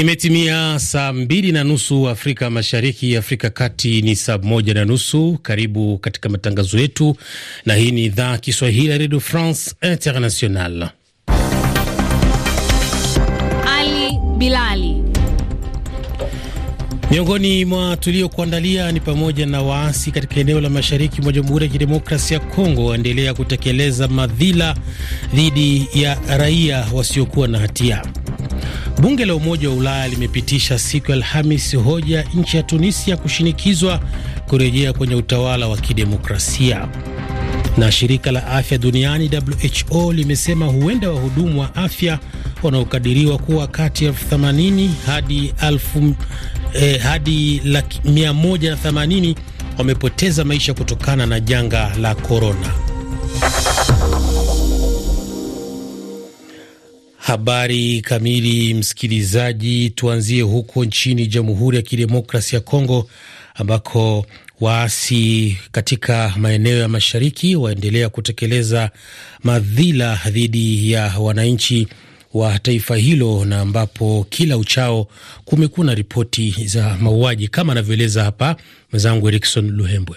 Imetimia saa mbili na nusu Afrika Mashariki, Afrika Kati ni saa moja na nusu. Karibu katika matangazo yetu, na hii ni idhaa Kiswahili ya Redio France International. Ali Bilali. Miongoni mwa tuliokuandalia ni pamoja na waasi katika eneo la mashariki mwa Jamhuri ya Kidemokrasia ya Kongo waendelea kutekeleza madhila dhidi ya raia wasiokuwa na hatia Bunge la Umoja wa Ulaya limepitisha siku ya Alhamis hoja nchi ya Tunisia kushinikizwa kurejea kwenye utawala wa kidemokrasia. Na shirika la afya duniani WHO limesema huenda wahudumu wa afya wanaokadiriwa kuwa kati ya 80 hadi elfu eh, hadi laki 180 wamepoteza maisha kutokana na janga la korona. Habari kamili, msikilizaji. Tuanzie huko nchini Jamhuri ya Kidemokrasi ya Kongo ambako waasi katika maeneo ya mashariki waendelea kutekeleza madhila dhidi ya wananchi wa taifa hilo na ambapo kila uchao kumekuwa na ripoti za mauaji kama anavyoeleza hapa mwenzangu Erikson Luhembwe.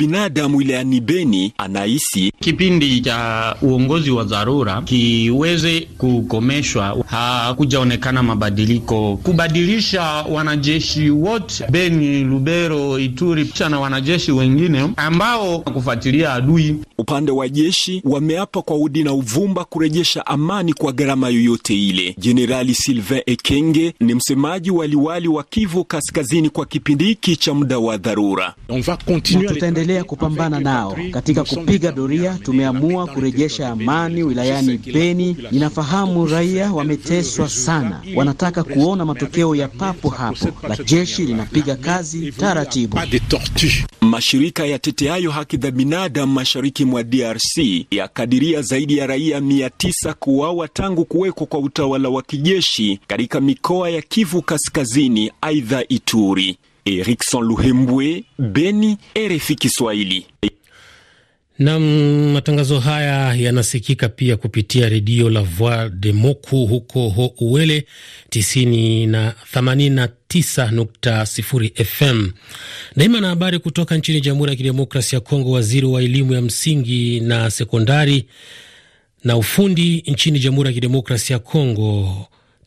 binadamu wilayani Beni anahisi kipindi cha uongozi wa dharura kiweze kukomeshwa, hakujaonekana mabadiliko kubadilisha wanajeshi wote Beni, Lubero, Ituri picha na wanajeshi wengine ambao kufuatilia adui. Upande wa jeshi wameapa kwa udi na uvumba kurejesha amani kwa gharama yoyote ile. Jenerali Sylvain Ekenge ni msemaji wa liwali wa Kivu Kaskazini kwa kipindi hiki cha muda wa dharura tutaendelea kupambana nao katika kupiga doria. Tumeamua kurejesha amani wilayani Beni. Ninafahamu raia wameteswa sana, wanataka kuona matokeo ya papo hapo, la jeshi linapiga kazi taratibu. Mashirika ya teteayo haki za binadamu mashariki mwa DRC yakadiria zaidi ya raia mia tisa kuuawa tangu kuwekwa kwa utawala wa kijeshi katika mikoa ya Kivu Kaskazini, aidha Ituri. Erikson Luhembwe, Beni, RFI Kiswahili. Na matangazo haya yanasikika pia kupitia redio la Voi de Moku huko ho Uele tisini na na tisa nukta sifuri FM. Daima na habari kutoka nchini Jamhuri ya Kidemokrasia ya Kongo. Waziri wa elimu ya msingi na sekondari na ufundi nchini Jamhuri ya Kidemokrasia ya Kongo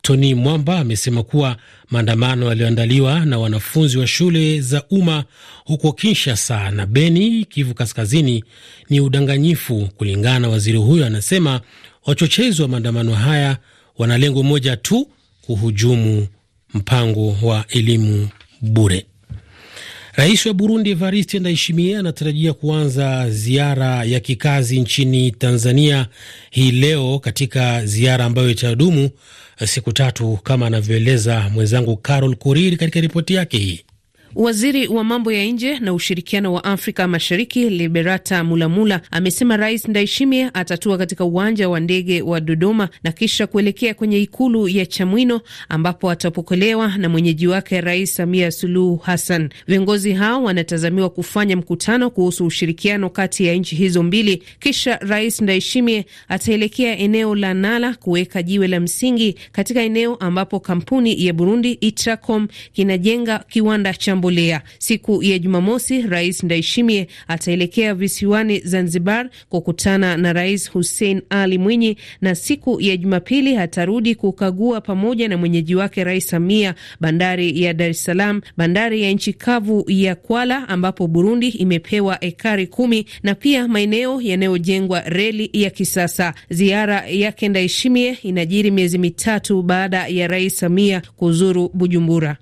Tony Mwamba amesema kuwa maandamano yaliyoandaliwa na wanafunzi wa shule za umma huko Kinshasa na Beni, Kivu Kaskazini, ni udanganyifu. Kulingana na waziri huyo, anasema wachochezi wa maandamano haya wana lengo moja tu, kuhujumu mpango wa elimu bure. Rais wa Burundi Evariste Ndayishimiye anatarajia kuanza ziara ya kikazi nchini Tanzania hii leo, katika ziara ambayo itadumu siku tatu kama anavyoeleza mwenzangu Carol Kuriri katika ripoti yake hii. Waziri wa mambo ya nje na ushirikiano wa Afrika Mashariki Liberata Mulamula amesema Rais ndaishimie atatua katika uwanja wa ndege wa Dodoma na kisha kuelekea kwenye ikulu ya Chamwino ambapo atapokelewa na mwenyeji wake Rais Samia Suluhu Hassan. Viongozi hao wanatazamiwa kufanya mkutano kuhusu ushirikiano kati ya nchi hizo mbili, kisha Rais ndaishimie ataelekea eneo la Nala kuweka jiwe la msingi katika eneo ambapo kampuni ya Burundi Itracom kinajenga kiwanda cha Mbolea. Siku ya Jumamosi, Rais Ndaishimie ataelekea visiwani Zanzibar kukutana na Rais Hussein Ali Mwinyi, na siku ya Jumapili atarudi kukagua pamoja na mwenyeji wake Rais Samia bandari ya Dar es Salaam, bandari ya nchi kavu ya Kwala ambapo Burundi imepewa ekari kumi na pia maeneo yanayojengwa reli ya kisasa. Ziara yake Ndaishimie inajiri miezi mitatu baada ya Rais Samia kuzuru Bujumbura.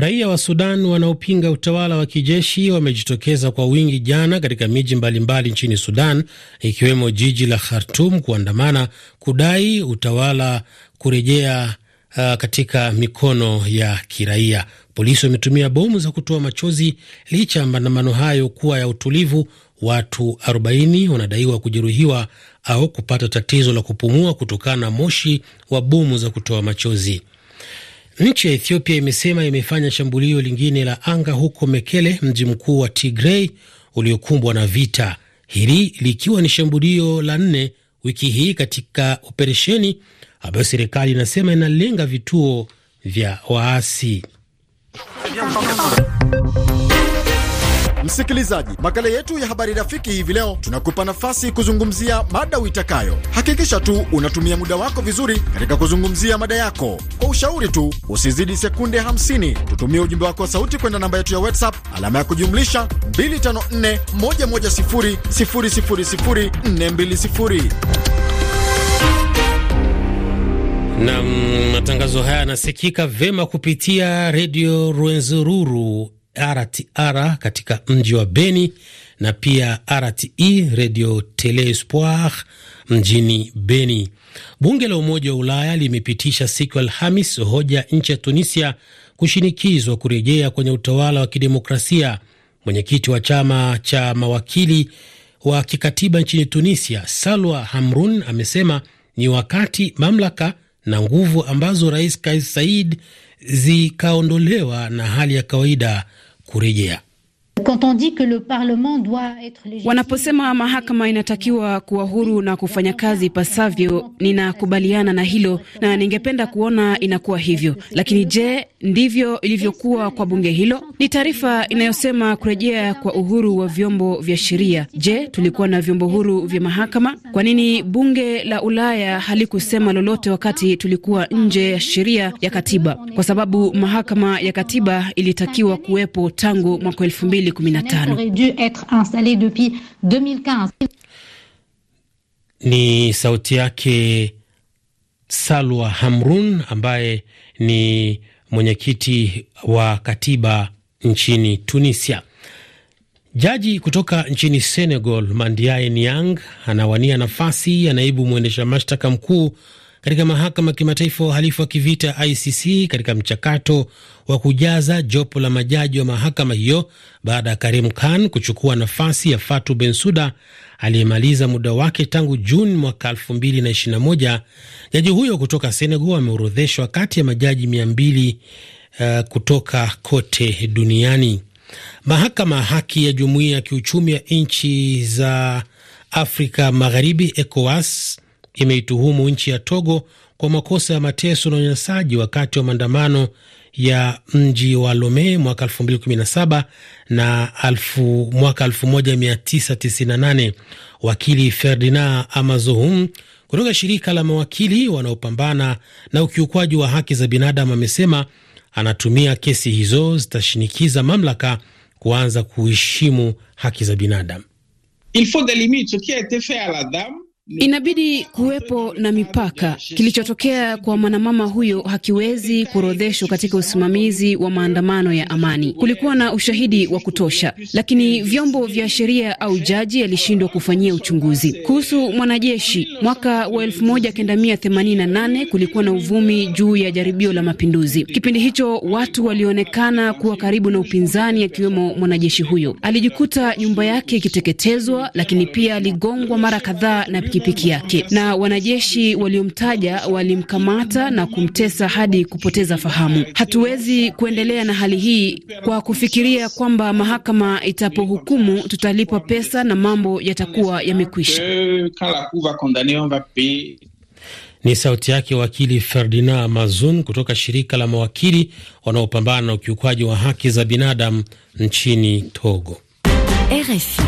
Raia wa Sudan wanaopinga utawala wa kijeshi wamejitokeza kwa wingi jana katika miji mbalimbali nchini Sudan, ikiwemo jiji la Khartum kuandamana kudai utawala kurejea uh, katika mikono ya kiraia. Polisi wametumia bomu za kutoa machozi. Licha ya maandamano hayo kuwa ya utulivu, watu 40 wanadaiwa kujeruhiwa au kupata tatizo la kupumua kutokana na moshi wa bomu za kutoa machozi. Nchi ya Ethiopia imesema imefanya shambulio lingine la anga huko Mekele, mji mkuu wa Tigrei uliokumbwa na vita, hili likiwa ni shambulio la nne wiki hii katika operesheni ambayo serikali inasema inalenga vituo vya waasi. Msikilizaji, makala yetu ya habari rafiki hivi leo tunakupa nafasi kuzungumzia mada uitakayo. Hakikisha tu unatumia muda wako vizuri katika kuzungumzia mada yako. Kwa ushauri tu usizidi sekunde 50. Tutumie ujumbe wako wa sauti kwenda namba yetu ya WhatsApp alama ya kujumlisha 254110000420. Na matangazo haya yanasikika vema kupitia redio Rwenzururu RTR katika mji wa Beni na pia rte Radio Tele Espoir mjini Beni. Bunge la Umoja wa Ulaya limepitisha siku Alhamis hoja nchi ya Tunisia kushinikizwa kurejea kwenye utawala wa kidemokrasia. Mwenyekiti wa chama cha mawakili wa kikatiba nchini Tunisia, Salwa Hamrun, amesema ni wakati mamlaka na nguvu ambazo Rais Kais Said zikaondolewa na hali ya kawaida kurejea. Wanaposema mahakama inatakiwa kuwa huru na kufanya kazi ipasavyo, ninakubaliana na hilo na ningependa kuona inakuwa hivyo. Lakini je, ndivyo ilivyokuwa kwa bunge hilo. Ni taarifa inayosema kurejea kwa uhuru wa vyombo vya sheria. Je, tulikuwa na vyombo huru vya mahakama? Kwa nini bunge la Ulaya halikusema lolote wakati tulikuwa nje ya sheria ya katiba? Kwa sababu mahakama ya katiba ilitakiwa kuwepo tangu mwaka 2015. Ni sauti yake Salwa Hamrun ambaye ni mwenyekiti wa katiba nchini Tunisia. Jaji kutoka nchini Senegal Mandiaye Niang anawania nafasi ya naibu mwendesha mashtaka mkuu katika mahakama kimataifa wa uhalifu wa kivita ICC katika mchakato wa kujaza jopo la majaji wa mahakama hiyo baada ya Karim Khan kuchukua nafasi ya Fatu Bensuda aliyemaliza muda wake tangu Juni mwaka 2021. Jaji huyo kutoka Senegal ameorodheshwa kati ya majaji 200 uh, eh, kutoka kote duniani. Mahakama ya Haki ya Jumuiya ya Kiuchumi ya Nchi za Afrika Magharibi ECOWAS imeituhumu nchi ya Togo kwa makosa ya mateso na unyanyasaji wakati wa maandamano ya mji wa Lome mwaka 2017 na alfu, mwaka 1998. Wakili Ferdinand Amazohum kutoka shirika la mawakili wanaopambana na ukiukwaji wa haki za binadamu amesema anatumia kesi hizo zitashinikiza mamlaka kuanza kuheshimu haki za binadamu. Inabidi kuwepo na mipaka. Kilichotokea kwa mwanamama huyo hakiwezi kuorodheshwa katika usimamizi wa maandamano ya amani. Kulikuwa na ushahidi wa kutosha, lakini vyombo vya sheria au jaji alishindwa kufanyia uchunguzi. Kuhusu mwanajeshi, mwaka wa 1988 kulikuwa na uvumi juu ya jaribio la mapinduzi. Kipindi hicho watu walionekana kuwa karibu na upinzani, akiwemo mwanajeshi huyo. Alijikuta nyumba yake ikiteketezwa, lakini pia aligongwa mara kadhaa na pikipiki yake, na wanajeshi waliomtaja walimkamata na kumtesa hadi kupoteza fahamu. Hatuwezi kuendelea na hali hii kwa kufikiria kwamba mahakama itapohukumu tutalipwa pesa na mambo yatakuwa yamekwisha. Ni sauti yake wakili Ferdinand Mazun kutoka shirika la mawakili wanaopambana na ukiukwaji wa haki za binadamu nchini Togo, RFI.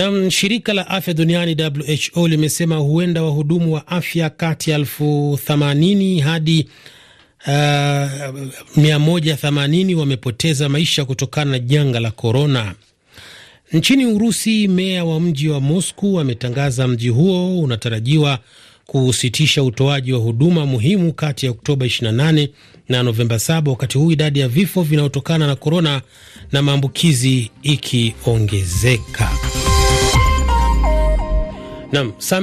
Na mm, shirika la afya duniani WHO limesema huenda wahudumu wa afya kati ya elfu themanini hadi uh, 180 wamepoteza maisha kutokana na janga la korona. Nchini Urusi, meya wa mji wa Mosku ametangaza mji huo unatarajiwa kusitisha utoaji wa huduma muhimu kati ya Oktoba 28 na Novemba 7, wakati huu idadi ya vifo vinaotokana na korona na maambukizi ikiongezeka. Naam.